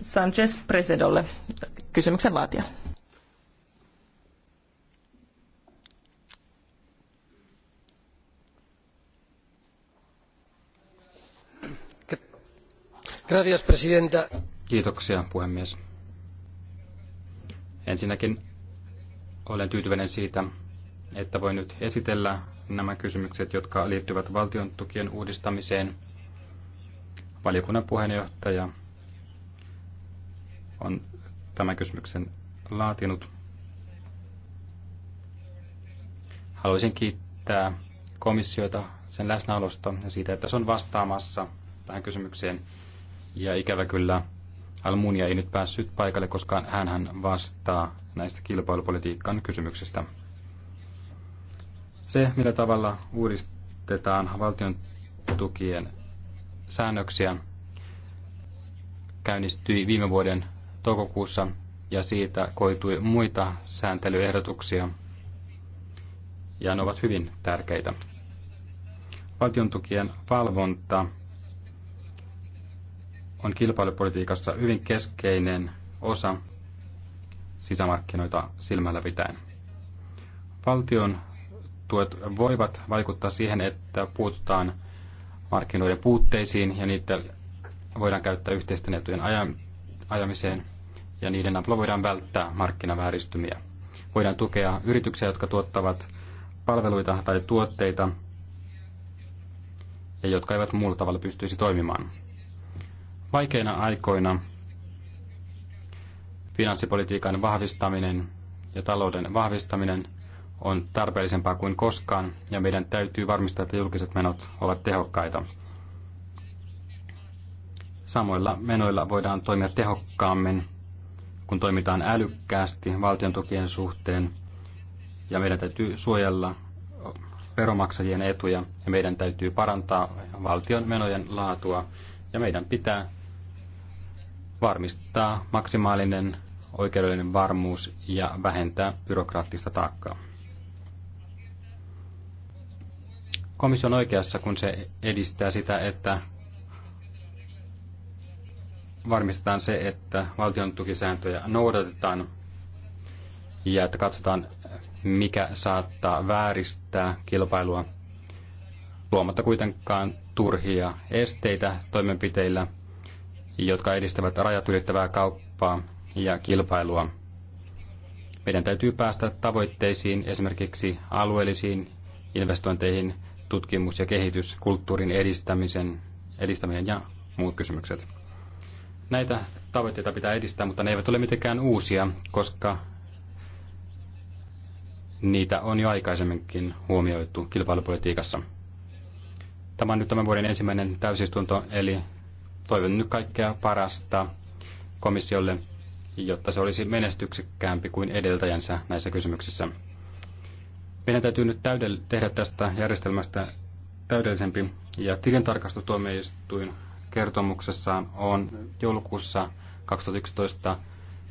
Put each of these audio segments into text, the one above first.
Sanchez Presedolle kysymyksen laatia. Gracias, presidenta. Kiitoksia, puhemies. Ensinnäkin olen tyytyväinen siitä, että voin nyt esitellä nämä kysymykset, jotka liittyvät valtion tukien uudistamiseen. Valiokunnan puheenjohtaja on tämän kysymyksen laatinut. Haluaisin kiittää komissiota sen läsnäolosta ja siitä, että se on vastaamassa tähän kysymykseen. Ja ikävä kyllä Almunia ei nyt päässyt paikalle, koska hän vastaa näistä kilpailupolitiikan kysymyksistä. Se, millä tavalla uudistetaan valtion tukien säännöksiä, käynnistyi viime vuoden toukokuussa ja siitä koitui muita sääntelyehdotuksia ja ne ovat hyvin tärkeitä. Valtiontukien valvonta on kilpailupolitiikassa hyvin keskeinen osa sisämarkkinoita silmällä pitäen. Valtion tuet voivat vaikuttaa siihen, että puututaan markkinoiden puutteisiin ja niitä voidaan käyttää yhteisten etujen ajamiseen ja niiden avulla voidaan välttää markkinavääristymiä. Voidaan tukea yrityksiä, jotka tuottavat palveluita tai tuotteita ja jotka eivät muulla tavalla pystyisi toimimaan. Vaikeina aikoina finanssipolitiikan vahvistaminen ja talouden vahvistaminen on tarpeellisempaa kuin koskaan ja meidän täytyy varmistaa, että julkiset menot ovat tehokkaita. Samoilla menoilla voidaan toimia tehokkaammin, kun toimitaan älykkäästi valtion tukien suhteen. Ja meidän täytyy suojella veromaksajien etuja ja meidän täytyy parantaa valtion menojen laatua ja meidän pitää varmistaa maksimaalinen oikeudellinen varmuus ja vähentää byrokraattista taakkaa. Komissio on oikeassa, kun se edistää sitä, että varmistetaan se, että valtion tukisääntöjä noudatetaan ja että katsotaan, mikä saattaa vääristää kilpailua luomatta kuitenkaan turhia esteitä toimenpiteillä, jotka edistävät rajat ylittävää kauppaa ja kilpailua. Meidän täytyy päästä tavoitteisiin, esimerkiksi alueellisiin investointeihin, tutkimus ja kehityskulttuurin edistämisen, edistäminen ja muut kysymykset. Näitä tavoitteita pitää edistää, mutta ne eivät ole mitenkään uusia, koska niitä on jo aikaisemminkin huomioitu kilpailupolitiikassa. Tämä on nyt tämän vuoden ensimmäinen täysistunto, eli toivon nyt kaikkea parasta komissiolle, jotta se olisi menestyksekkäämpi kuin edeltäjänsä näissä kysymyksissä. Meidän täytyy nyt täydell- tehdä tästä järjestelmästä täydellisempi ja tilintarkastustuomioistuin kertomuksessaan on joulukuussa 2011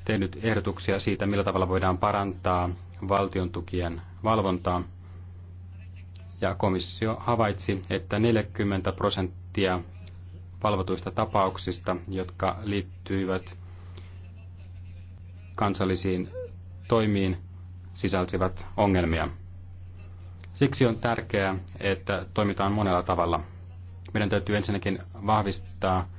tehnyt ehdotuksia siitä, millä tavalla voidaan parantaa valtion tukien valvontaa. Ja komissio havaitsi, että 40 prosenttia valvotuista tapauksista, jotka liittyivät kansallisiin toimiin, sisälsivät ongelmia. Siksi on tärkeää, että toimitaan monella tavalla – meidän täytyy ensinnäkin vahvistaa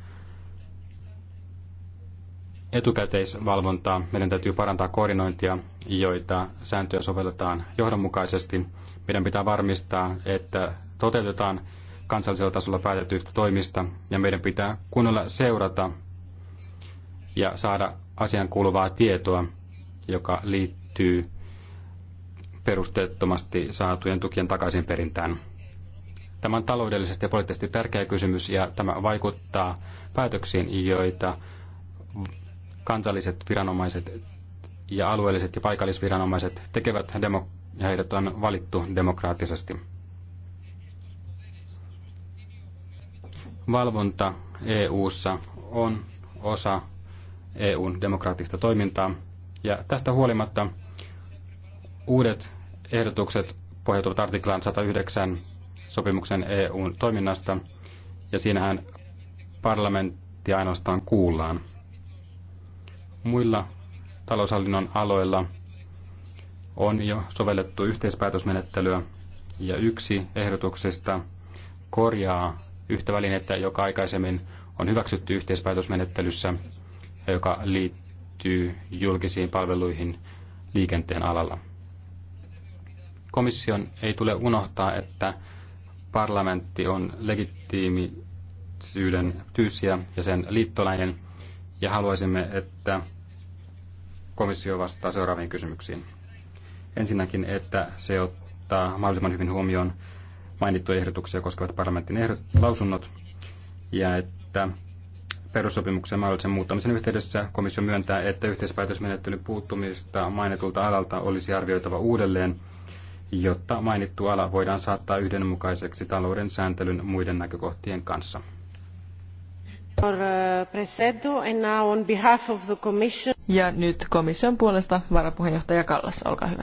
etukäteisvalvontaa. Meidän täytyy parantaa koordinointia, joita sääntöjä sovelletaan johdonmukaisesti. Meidän pitää varmistaa, että toteutetaan kansallisella tasolla päätetyistä toimista ja meidän pitää kunnolla seurata ja saada asian kuuluvaa tietoa, joka liittyy perusteettomasti saatujen tukien takaisinperintään. Tämä on taloudellisesti ja poliittisesti tärkeä kysymys ja tämä vaikuttaa päätöksiin, joita kansalliset viranomaiset ja alueelliset ja paikallisviranomaiset tekevät demo- ja heidät on valittu demokraattisesti. Valvonta EU:ssa on osa EUn demokraattista toimintaa ja tästä huolimatta uudet ehdotukset pohjautuvat artiklaan 109 sopimuksen EUn toiminnasta, ja siinähän parlamentti ainoastaan kuullaan. Muilla taloushallinnon aloilla on jo sovellettu yhteispäätösmenettelyä, ja yksi ehdotuksesta korjaa yhtä välinettä, joka aikaisemmin on hyväksytty yhteispäätösmenettelyssä ja joka liittyy julkisiin palveluihin liikenteen alalla. Komission ei tule unohtaa, että parlamentti on legitiimisyyden tyyssiä ja sen liittolainen, ja haluaisimme, että komissio vastaa seuraaviin kysymyksiin. Ensinnäkin, että se ottaa mahdollisimman hyvin huomioon mainittuja ehdotuksia koskevat parlamentin ehdot, lausunnot, ja että perussopimuksen mahdollisen muuttamisen yhteydessä komissio myöntää, että yhteispäätösmenettelyn puuttumista mainitulta alalta olisi arvioitava uudelleen jotta mainittu ala voidaan saattaa yhdenmukaiseksi talouden sääntelyn muiden näkökohtien kanssa. Uh, ja nyt komission puolesta varapuheenjohtaja Kallas, olkaa hyvä.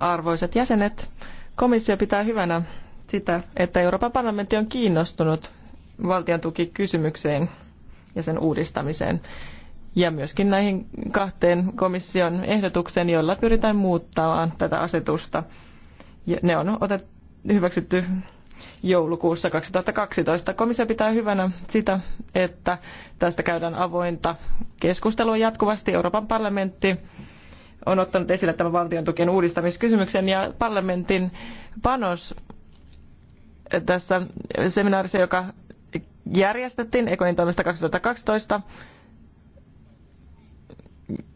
Arvoisat jäsenet, komissio pitää hyvänä sitä, että Euroopan parlamentti on kiinnostunut valtiontukikysymykseen ja sen uudistamiseen. Ja myöskin näihin kahteen komission ehdotukseen, jolla pyritään muuttamaan tätä asetusta. Ja ne on otettu, hyväksytty joulukuussa 2012. Komissio pitää hyvänä sitä, että tästä käydään avointa keskustelua jatkuvasti. Euroopan parlamentti on ottanut esille tämän valtiontukien uudistamiskysymyksen ja parlamentin panos tässä seminaarissa, joka järjestettiin Ekonin toimesta 2012.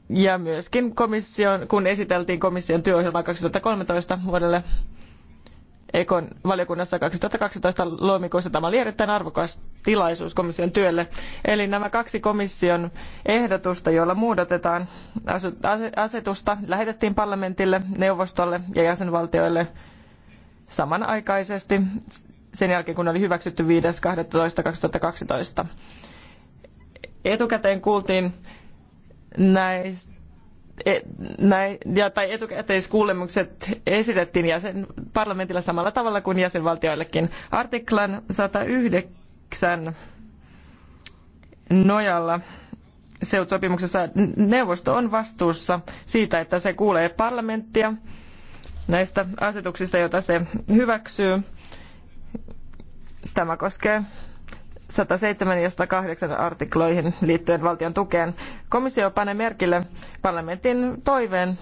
Ja myöskin komission, kun esiteltiin komission työohjelmaa 2013 vuodelle Ekon valiokunnassa 2012 loimikuussa. Tämä oli erittäin arvokas tilaisuus komission työlle. Eli nämä kaksi komission ehdotusta, joilla muodotetaan asetusta, lähetettiin parlamentille, neuvostolle ja jäsenvaltioille samanaikaisesti sen jälkeen, kun oli hyväksytty 5.12.2012. Etukäteen kuultiin näistä e, näin, ja, tai etukäteiskuulemukset esitettiin jäsen parlamentilla samalla tavalla kuin jäsenvaltioillekin. Artiklan 109 nojalla seutsopimuksessa neuvosto on vastuussa siitä, että se kuulee parlamenttia näistä asetuksista, joita se hyväksyy Tämä koskee 107 ja 108 artikloihin liittyen valtion tukeen. Komissio panee merkille parlamentin toiveen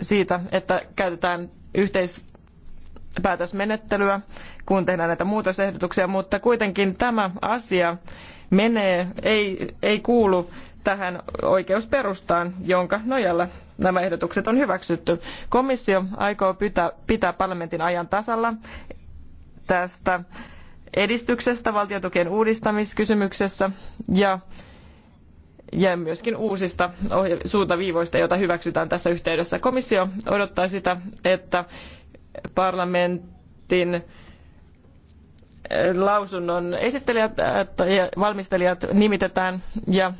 siitä, että käytetään yhteispäätösmenettelyä, kun tehdään näitä muutosehdotuksia, mutta kuitenkin tämä asia menee, ei, ei kuulu tähän oikeusperustaan, jonka nojalla nämä ehdotukset on hyväksytty. Komissio aikoo pitää, pitää parlamentin ajan tasalla tästä edistyksestä valtiotukien uudistamiskysymyksessä ja, ja myöskin uusista ohje- suuntaviivoista, joita hyväksytään tässä yhteydessä. Komissio odottaa sitä, että parlamentin eh, lausunnon esittelijät eh, ja valmistelijat nimitetään ja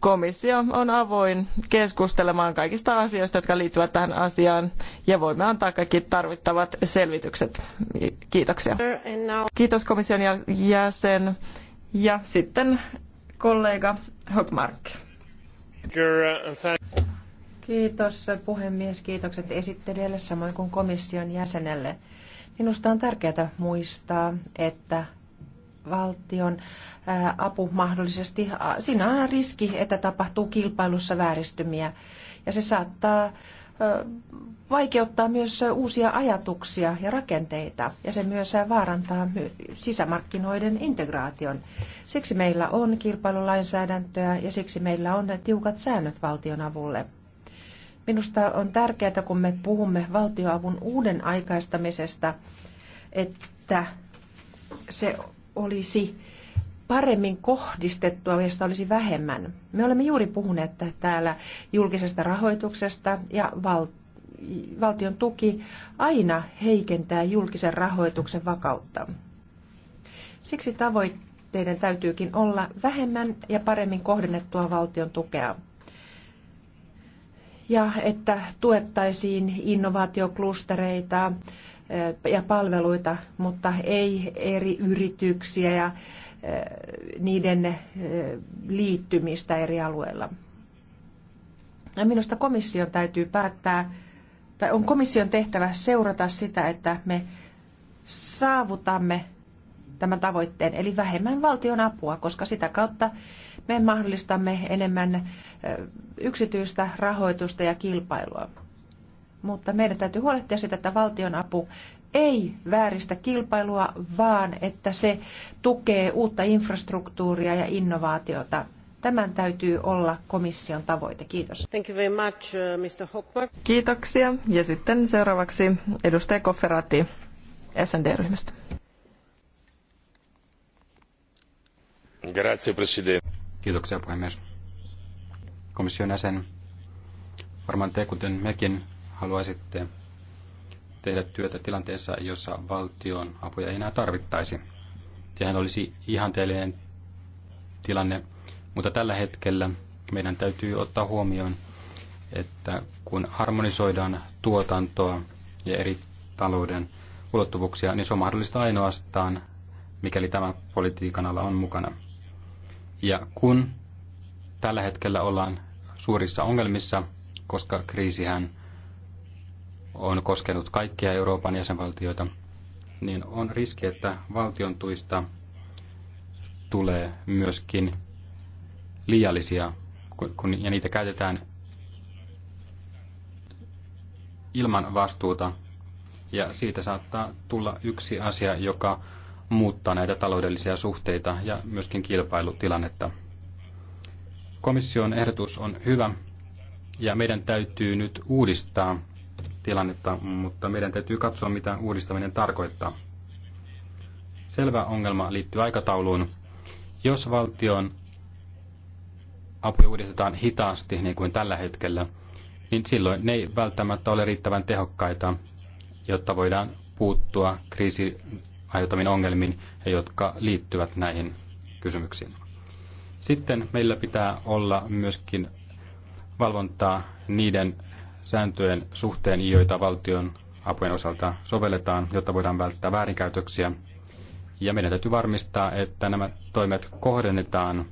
komissio on avoin keskustelemaan kaikista asioista, jotka liittyvät tähän asiaan ja voimme antaa kaikki tarvittavat selvitykset. Kiitoksia. Kiitos komission jäsen ja sitten kollega Högmark. Kiitos puhemies, kiitokset esittelijälle samoin kuin komission jäsenelle. Minusta on tärkeää muistaa, että valtion apu mahdollisesti. Siinä on riski, että tapahtuu kilpailussa vääristymiä ja se saattaa vaikeuttaa myös uusia ajatuksia ja rakenteita ja se myös vaarantaa sisämarkkinoiden integraation. Siksi meillä on kilpailulainsäädäntöä ja siksi meillä on tiukat säännöt valtion avulle. Minusta on tärkeää, kun me puhumme valtioavun uuden aikaistamisesta, että se olisi paremmin kohdistettua, sitä olisi vähemmän. Me olemme juuri puhuneet täällä julkisesta rahoituksesta ja val- valtion tuki aina heikentää julkisen rahoituksen vakautta. Siksi tavoitteiden täytyykin olla vähemmän ja paremmin kohdennettua valtion tukea. Ja että tuettaisiin innovaatioklustereita, ja palveluita, mutta ei eri yrityksiä ja niiden liittymistä eri alueilla. Ja minusta komission täytyy päättää, tai on komission tehtävä seurata sitä, että me saavutamme tämän tavoitteen, eli vähemmän valtion apua, koska sitä kautta me mahdollistamme enemmän yksityistä rahoitusta ja kilpailua mutta meidän täytyy huolehtia sitä, että valtion apu ei vääristä kilpailua, vaan että se tukee uutta infrastruktuuria ja innovaatiota. Tämän täytyy olla komission tavoite. Kiitos. Thank you very much, uh, Mr. Hockmark. Kiitoksia. Ja sitten seuraavaksi edustaja Kofferati SND-ryhmästä. Grazie, Presidente. Kiitoksia, puhemies. Komission jäsen, varmaan te, kuten mekin, haluaisitte tehdä työtä tilanteessa, jossa valtion apuja ei enää tarvittaisi. Sehän olisi ihanteellinen tilanne, mutta tällä hetkellä meidän täytyy ottaa huomioon, että kun harmonisoidaan tuotantoa ja eri talouden ulottuvuuksia, niin se on mahdollista ainoastaan, mikäli tämä politiikan ala on mukana. Ja kun tällä hetkellä ollaan suurissa ongelmissa, koska kriisihän on koskenut kaikkia Euroopan jäsenvaltioita, niin on riski, että valtion tuista tulee myöskin liiallisia, kun, ja niitä käytetään ilman vastuuta. Ja siitä saattaa tulla yksi asia, joka muuttaa näitä taloudellisia suhteita ja myöskin kilpailutilannetta. Komission ehdotus on hyvä ja meidän täytyy nyt uudistaa tilannetta, mutta meidän täytyy katsoa, mitä uudistaminen tarkoittaa. Selvä ongelma liittyy aikatauluun. Jos valtion apuja uudistetaan hitaasti, niin kuin tällä hetkellä, niin silloin ne ei välttämättä ole riittävän tehokkaita, jotta voidaan puuttua kriisi aiheuttamiin ongelmiin, jotka liittyvät näihin kysymyksiin. Sitten meillä pitää olla myöskin valvontaa niiden sääntöjen suhteen, joita valtion apujen osalta sovelletaan, jotta voidaan välttää väärinkäytöksiä. Ja meidän täytyy varmistaa, että nämä toimet kohdennetaan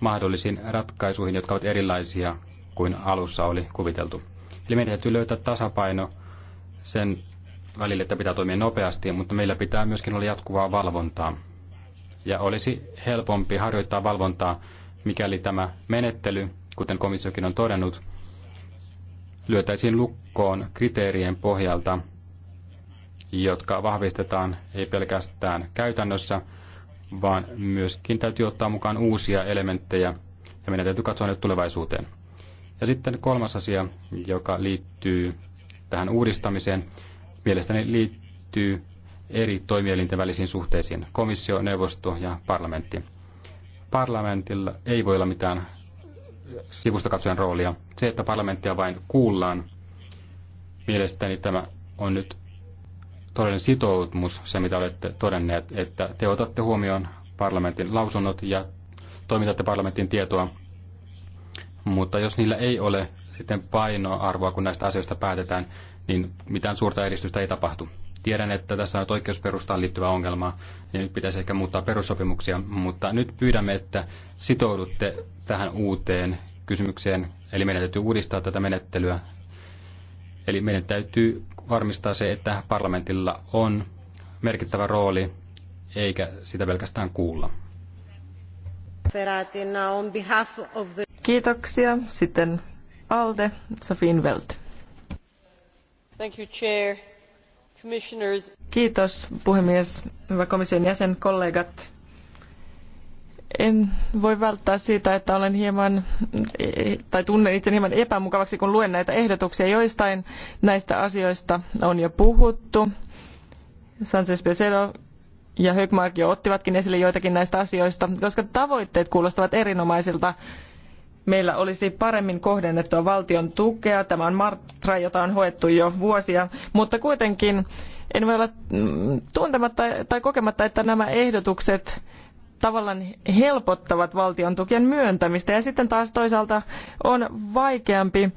mahdollisiin ratkaisuihin, jotka ovat erilaisia kuin alussa oli kuviteltu. Eli meidän täytyy löytää tasapaino sen välille, että pitää toimia nopeasti, mutta meillä pitää myöskin olla jatkuvaa valvontaa. Ja olisi helpompi harjoittaa valvontaa, mikäli tämä menettely, kuten komissiokin on todennut, lyötäisiin lukkoon kriteerien pohjalta, jotka vahvistetaan ei pelkästään käytännössä, vaan myöskin täytyy ottaa mukaan uusia elementtejä ja meidän täytyy katsoa nyt tulevaisuuteen. Ja sitten kolmas asia, joka liittyy tähän uudistamiseen, mielestäni liittyy eri toimielinten välisiin suhteisiin, komissio, neuvosto ja parlamentti. Parlamentilla ei voi olla mitään sivustakatsojan roolia. Se, että parlamenttia vain kuullaan, mielestäni tämä on nyt todellinen sitoutumus, se mitä olette todenneet, että te otatte huomioon parlamentin lausunnot ja toimitatte parlamentin tietoa. Mutta jos niillä ei ole sitten painoarvoa, kun näistä asioista päätetään, niin mitään suurta edistystä ei tapahtu. Tiedän, että tässä on oikeusperustaan liittyvä ongelma ja nyt pitäisi ehkä muuttaa perussopimuksia, mutta nyt pyydämme, että sitoudutte tähän uuteen kysymykseen. Eli meidän täytyy uudistaa tätä menettelyä. Eli meidän täytyy varmistaa se, että parlamentilla on merkittävä rooli, eikä sitä pelkästään kuulla. Kiitoksia. Sitten Alde, Sophie Welt. Thank you, Chair. Kiitos puhemies, hyvä komission jäsen, kollegat. En voi välttää siitä, että olen hieman, tai tunnen itse hieman epämukavaksi, kun luen näitä ehdotuksia. Joistain näistä asioista on jo puhuttu. Sanchez Pesero ja Högmark jo ottivatkin esille joitakin näistä asioista, koska tavoitteet kuulostavat erinomaisilta meillä olisi paremmin kohdennettua valtion tukea. Tämä on Martra, jota on hoettu jo vuosia, mutta kuitenkin en voi olla mm, tuntematta tai kokematta, että nämä ehdotukset tavallaan helpottavat valtion tukien myöntämistä ja sitten taas toisaalta on vaikeampi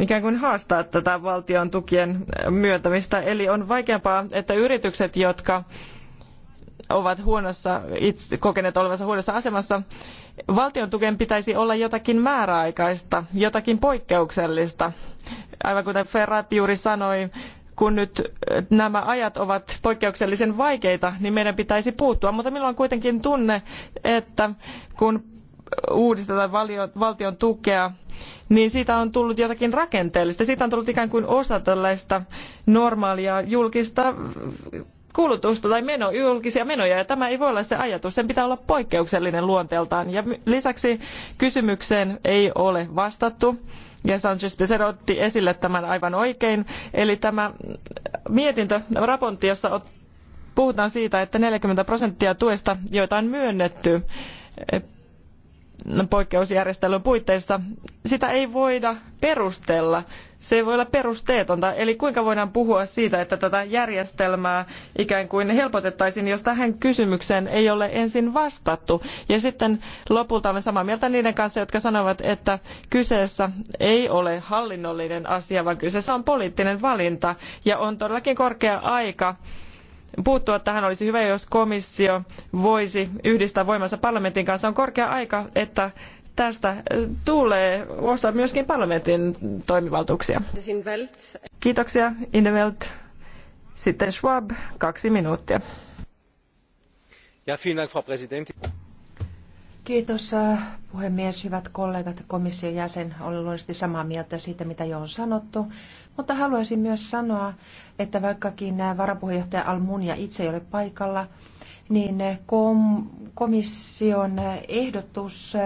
ikään kuin haastaa tätä valtion tukien myöntämistä. Eli on vaikeampaa, että yritykset, jotka ovat huonossa, itse, kokeneet olevansa huonossa asemassa. Valtion tuken pitäisi olla jotakin määräaikaista, jotakin poikkeuksellista. Aivan kuten Ferrat juuri sanoi, kun nyt äh, nämä ajat ovat poikkeuksellisen vaikeita, niin meidän pitäisi puuttua. Mutta minulla on kuitenkin tunne, että kun uudistetaan valtion tukea, niin siitä on tullut jotakin rakenteellista. Siitä on tullut ikään kuin osa tällaista normaalia julkista kulutusta tai meno, julkisia menoja, ja tämä ei voi olla se ajatus. Sen pitää olla poikkeuksellinen luonteeltaan. Ja lisäksi kysymykseen ei ole vastattu. Ja Sanchez Pesero otti esille tämän aivan oikein. Eli tämä mietintö, raportti, jossa puhutaan siitä, että 40 prosenttia tuesta, joita on myönnetty, poikkeusjärjestelyn puitteissa, sitä ei voida perustella. Se ei voi olla perusteetonta. Eli kuinka voidaan puhua siitä, että tätä järjestelmää ikään kuin helpotettaisiin, jos tähän kysymykseen ei ole ensin vastattu. Ja sitten lopulta olen samaa mieltä niiden kanssa, jotka sanovat, että kyseessä ei ole hallinnollinen asia, vaan kyseessä on poliittinen valinta. Ja on todellakin korkea aika puuttua tähän olisi hyvä, jos komissio voisi yhdistää voimansa parlamentin kanssa. On korkea aika, että tästä eh, tulee osa myöskin parlamentin toimivaltuuksia. Kiitoksia, Indevelt. Sitten Schwab, kaksi minuuttia. Ja, Frau Kiitos eh, puhemies, hyvät kollegat ja komission jäsen, olen luonnollisesti samaa mieltä siitä, mitä jo on sanottu, mutta haluaisin myös sanoa, että vaikkakin varapuheenjohtaja Almunia itse ei ole paikalla, niin komission ehdotus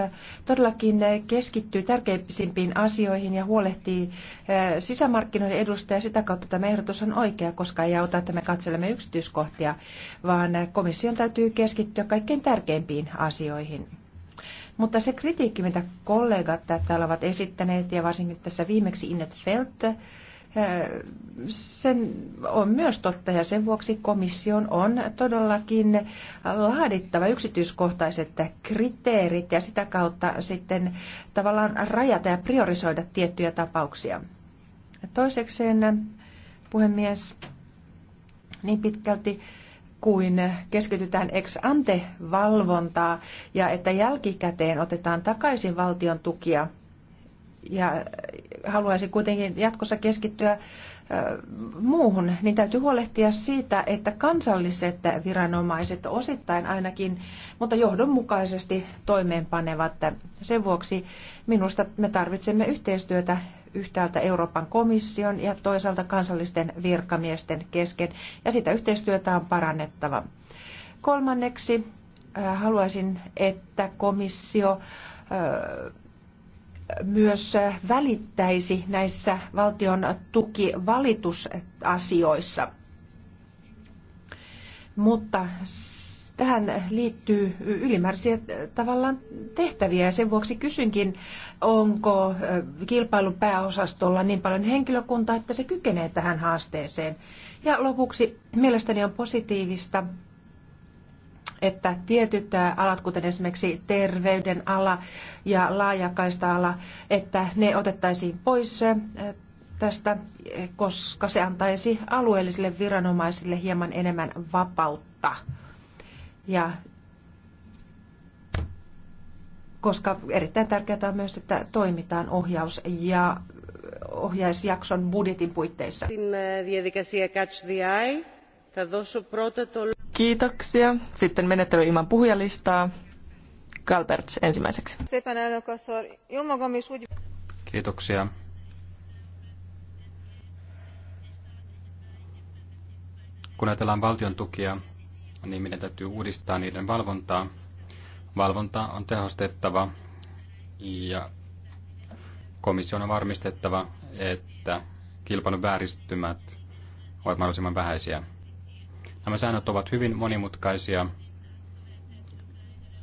todellakin keskittyy tärkeimpisimpiin asioihin ja huolehtii eh, sisämarkkinoiden edusta ja sitä kautta tämä ehdotus on oikea, koska ei auta, että me katselemme yksityiskohtia, vaan komission täytyy keskittyä kaikkein tärkeimpiin asioihin. Mutta se kritiikki, mitä kollegat täällä ovat esittäneet ja varsinkin tässä viimeksi innet Felt, eh, sen on myös totta ja sen vuoksi komission on todellakin laadittava yksityiskohtaiset kriteerit ja sitä kautta sitten tavallaan rajata ja priorisoida tiettyjä tapauksia. Toisekseen, puhemies, niin pitkälti kuin keskitytään ex ante valvontaa ja että jälkikäteen otetaan takaisin valtion tukia. Ja haluaisin kuitenkin jatkossa keskittyä muuhun, niin täytyy huolehtia siitä, että kansalliset viranomaiset osittain ainakin, mutta johdonmukaisesti toimeenpanevat. Sen vuoksi minusta me tarvitsemme yhteistyötä yhtäältä Euroopan komission ja toisaalta kansallisten virkamiesten kesken, ja sitä yhteistyötä on parannettava. Kolmanneksi haluaisin, että komissio myös välittäisi näissä valtion tukivalitusasioissa. Mutta tähän liittyy ylimääräisiä tavallaan tehtäviä ja sen vuoksi kysynkin, onko kilpailupääosastolla niin paljon henkilökuntaa, että se kykenee tähän haasteeseen. Ja lopuksi mielestäni on positiivista, että tietyt alat, kuten esimerkiksi terveyden ala ja laajakaista-ala, että ne otettaisiin pois tästä, koska se antaisi alueellisille viranomaisille hieman enemmän vapautta. Ja koska erittäin tärkeää on myös, että toimitaan ohjaus ja ohjaisjakson budjetin puitteissa. Στην Catch the Eye θα δώσω πρώτα το Kiitoksia. Sitten menettely ilman puhujalistaa. Galberts ensimmäiseksi. Kiitoksia. Kun ajatellaan valtion tukia, niin meidän täytyy uudistaa niiden valvontaa. Valvontaa on tehostettava ja komission on varmistettava, että kilpailun vääristymät ovat mahdollisimman vähäisiä. Nämä säännöt ovat hyvin monimutkaisia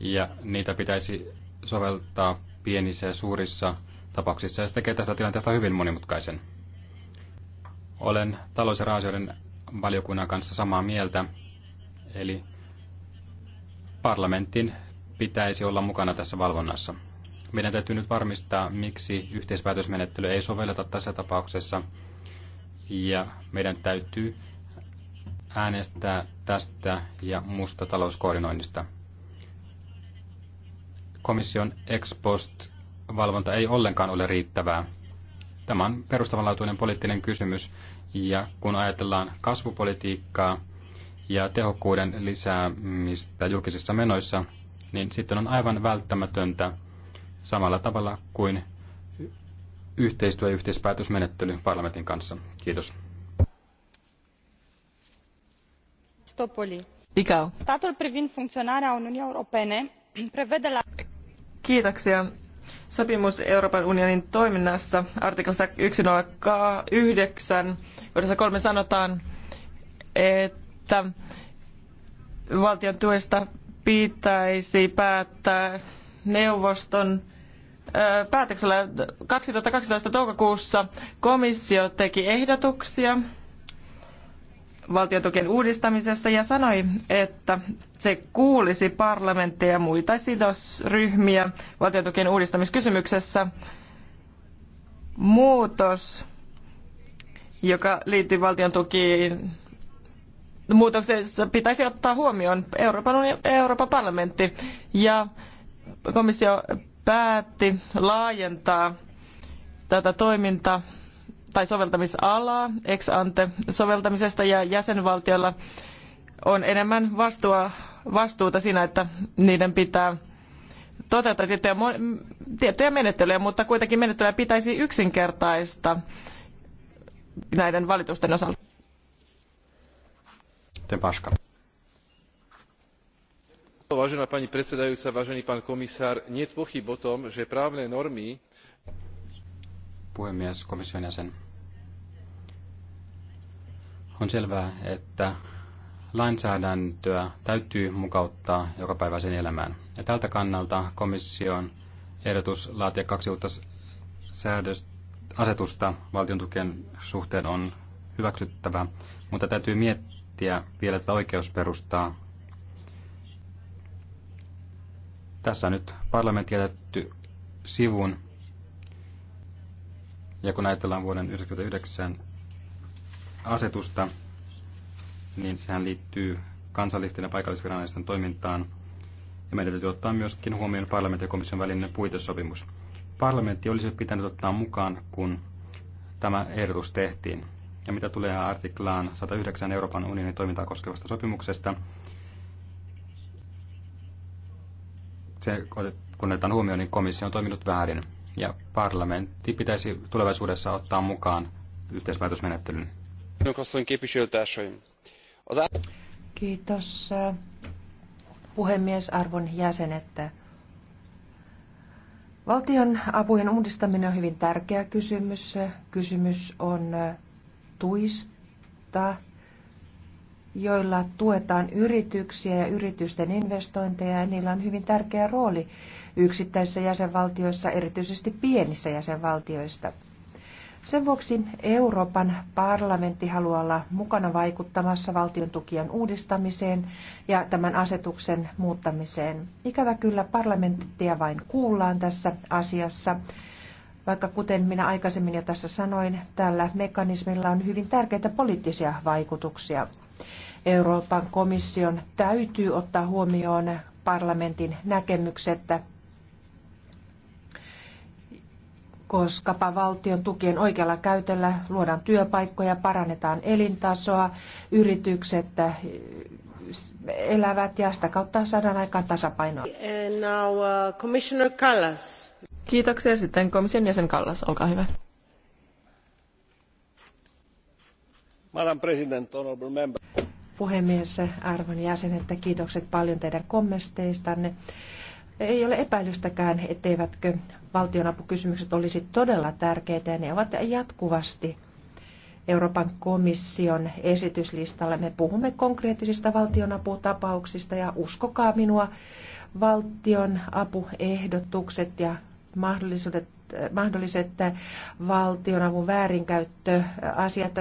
ja niitä pitäisi soveltaa pienissä ja suurissa tapauksissa ja se tekee tästä tilanteesta hyvin monimutkaisen. Olen talous- ja raasioiden valiokunnan kanssa samaa mieltä, eli parlamentin pitäisi olla mukana tässä valvonnassa. Meidän täytyy nyt varmistaa, miksi yhteispäätösmenettely ei sovelleta tässä tapauksessa, ja meidän täytyy äänestää tästä ja musta talouskoordinoinnista. Komission ex post valvonta ei ollenkaan ole riittävää. Tämä on perustavanlaatuinen poliittinen kysymys, ja kun ajatellaan kasvupolitiikkaa ja tehokkuuden lisäämistä julkisissa menoissa, niin sitten on aivan välttämätöntä samalla tavalla kuin yhteistyö- ja yhteispäätösmenettely parlamentin kanssa. Kiitos. Statul privind funcionarea Uniunii Europene prevede la... Kiitoksia. Sopimus Euroopan unionin toiminnasta artiklassa 109, jossa kolme sanotaan, että valtion tuesta pitäisi päättää neuvoston äh, päätöksellä 2012 toukokuussa komissio teki ehdotuksia valtiotukien uudistamisesta ja sanoi, että se kuulisi parlamentteja ja muita sidosryhmiä valtiotukien uudistamiskysymyksessä. Muutos, joka liittyy valtion tukiin, muutoksessa pitäisi ottaa huomioon Euroopan, Euroopan parlamentti ja komissio päätti laajentaa tätä toimintaa tai soveltamisalaa ex ante soveltamisesta ja jäsenvaltioilla on enemmän vastuuta siinä, että niiden pitää toteuttaa tiettyjä, tiettyjä menettelyjä, mutta kuitenkin menettelyjä pitäisi yksinkertaista näiden valitusten osalta. Tepaska. Vážená pani predsedajúca, vážený pán komisár, nie je pochyb o tom, že právne normy puhemies, komission jäsen. On selvää, että lainsäädäntöä täytyy mukauttaa jokapäiväiseen elämään. Ja tältä kannalta komission ehdotus laatia kaksi uutta säädöstä, asetusta valtion tukien suhteen on hyväksyttävä, mutta täytyy miettiä vielä tätä oikeusperustaa. Tässä on nyt parlamentti jätetty sivun ja kun ajatellaan vuoden 1999 asetusta, niin sehän liittyy kansallisten ja paikallisviranaisten toimintaan. Ja meidän täytyy ottaa myöskin huomioon parlamentin ja komission välinen puitesopimus. Parlamentti olisi pitänyt ottaa mukaan, kun tämä ehdotus tehtiin. Ja mitä tulee artiklaan 109 Euroopan unionin toimintaa koskevasta sopimuksesta, se, kun otetaan huomioon, niin komissio on toiminut väärin ja parlamentti pitäisi tulevaisuudessa ottaa mukaan yhteispäätösmenettelyyn. Kiitos puhemies, arvon jäsenet. Valtion apujen uudistaminen on hyvin tärkeä kysymys. Kysymys on tuista, joilla tuetaan yrityksiä ja yritysten investointeja, ja niillä on hyvin tärkeä rooli yksittäisissä jäsenvaltioissa, erityisesti pienissä jäsenvaltioissa. Sen vuoksi Euroopan parlamentti haluaa olla mukana vaikuttamassa valtion tukien uudistamiseen ja tämän asetuksen muuttamiseen. Ikävä kyllä parlamenttia vain kuullaan tässä asiassa, vaikka kuten minä aikaisemmin jo tässä sanoin, tällä mekanismilla on hyvin tärkeitä poliittisia vaikutuksia. Euroopan komission täytyy ottaa huomioon parlamentin näkemykset, koska valtion tukien oikealla käytöllä luodaan työpaikkoja, parannetaan elintasoa, yritykset äh, elävät ja sitä kautta saadaan aikaan tasapainoa. Now, uh, Commissioner Kallas. Kiitoksia. Sitten komission jäsen Kallas, olkaa hyvä. Madam President, member puhemies, arvon jäsenet, kiitokset paljon teidän kommenteistanne. Ei ole epäilystäkään, etteivätkö valtionapukysymykset olisi todella tärkeitä ja ne ovat jatkuvasti Euroopan komission esityslistalla. Me puhumme konkreettisista valtionaputapauksista ja uskokaa minua, valtionapuehdotukset ja mahdollisuudet mahdolliset valtionavun väärinkäyttöasiat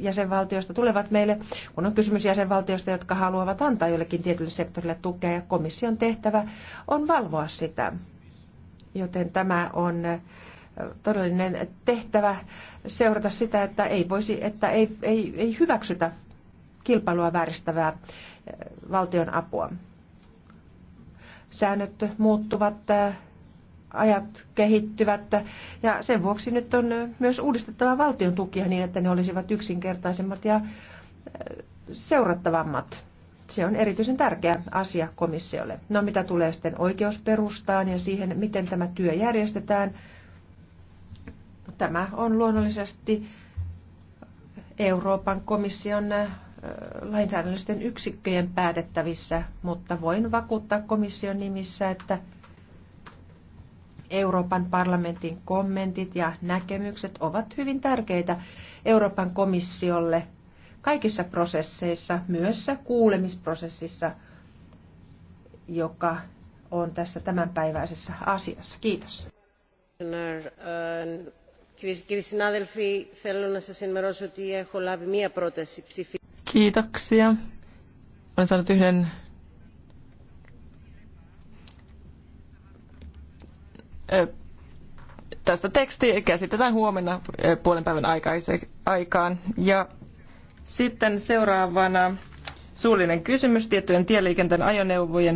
jäsenvaltioista tulevat meille, kun on kysymys jäsenvaltioista, jotka haluavat antaa jollekin tietylle sektorille tukea ja komission tehtävä on valvoa sitä. Joten tämä on todellinen tehtävä seurata sitä, että ei, voisi, että ei, ei, ei hyväksytä kilpailua vääristävää valtion apua. Säännöt muuttuvat ajat kehittyvät ja sen vuoksi nyt on myös uudistettava valtion tukia niin, että ne olisivat yksinkertaisemmat ja seurattavammat. Se on erityisen tärkeä asia komissiolle. No mitä tulee sitten oikeusperustaan ja siihen, miten tämä työ järjestetään, tämä on luonnollisesti Euroopan komission lainsäädännöllisten yksikköjen päätettävissä, mutta voin vakuuttaa komission nimissä, että Euroopan parlamentin kommentit ja näkemykset ovat hyvin tärkeitä Euroopan komissiolle kaikissa prosesseissa, myös kuulemisprosessissa, joka on tässä tämänpäiväisessä asiassa. Kiitos. Kiitoksia. Olen saanut yhden tästä teksti käsitetään huomenna puolen päivän aikaan. Ja sitten seuraavana suullinen kysymys tiettyjen tieliikenteen ajoneuvojen